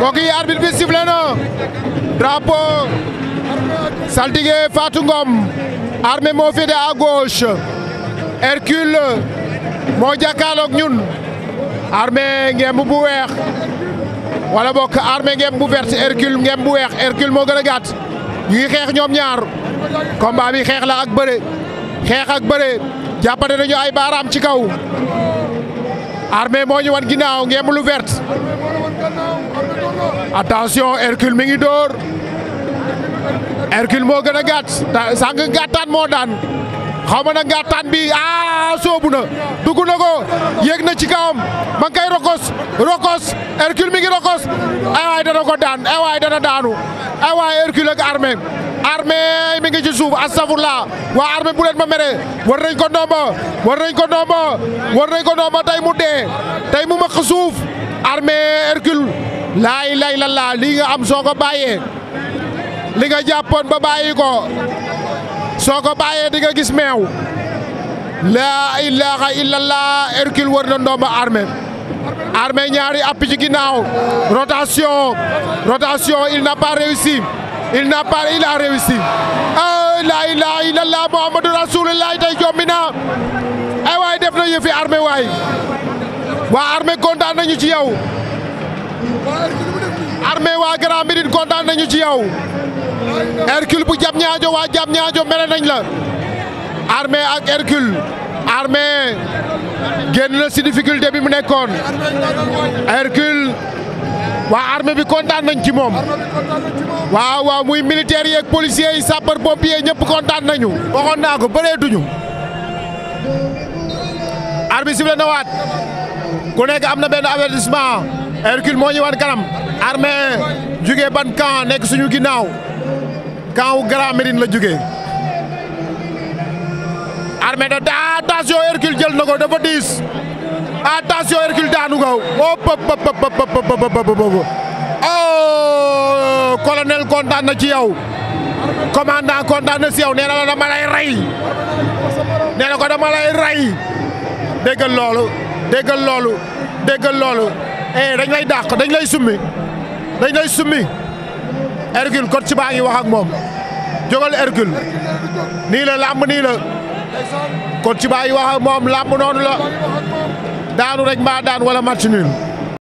mbokk yi arbitre bi sifflé na drapeau saltige Fatou Ngom armée moo féete à gauche Hercule moo jàkkaarloog ñun armée ngemb bu weex wala bokk armée ngemb bu verte Hercule ngemb bu weex Hercule moo gën a gàtt ñu xeex ñoom ñaar combat bi xeex la ak bëre xeex ak bëre jàppante nañu ay baaraam ci kaw armée moo ñu wan ginnaaw ngeem lu vert attention Hercule mi ngi dóor Hercule moo gën a gàtt sànq gàttaan moo daan xaw ma na gàttaan bi a ah, soobu na dugg na yéeg na ci kawam ma ngi koy rokos rokos Hercule mi ngi rokos ay dana ko daan dana daanu ay waay Hercule ak armée mi ngi ci suuf astafurla waa armée bu leen ma mere war nañ ko ndomba war nañ ko ndomba war nañ ko ndomba tey mu dee tey mu maq suuf armée Hercule laay lay la laa lii nga am soo ko bàyyee li nga jàppoon ba bàyyi ko soo ko bàyyee di nga gis meew laa ilaaha illallah Hercule wër na ndomba armée armée ñaari app ci ginnaaw rotation rotation il n'a pas réussi il n'a pas il a oh, laa ilaaha illallah Muhammadu Rasulullah tey jombi na ay waay def na yëfi armée waay waa armée kontaan nañu ci yow armée waa Grand Médine kontaan ci yow Hercule bu jam ñaajo waa jam ñaajo mere nañ la armée ak Hercule armée génn na si difficulté bi mu nekkoon Hercule waa armée bi kontaan nañ ci moom waaw waa muy militaire yeeg policier yi sapeur pompier ñëpp kontaan nañu. waxoon naa ko bëreetuñu. arbitre sifflé na waat ku nekk am na benn avertissement Hercule moo ñu wan kanam armée jugee ban camp nekk suñu ginnaaw camp wu Grand Médine la jugee. armée de daa attention Hercule jël na ko dafa diis attention Hercule daanu gaw oh pop pop pop pop oh colonel kontaan na ci yow commandant kontaan na si yow nee na la dama lay rey nee na ko dama lay rey déggal loolu déggal loolu déggal loolu eh dañ lay dàq dañ lay summi dañ lay summi Hercule coach baa ngi wax ak moom jógal Hercule nii la làmb nii la. kon ci bàyyi wax ak moom làmb noonu la daanu rek mbaa daan wala match nul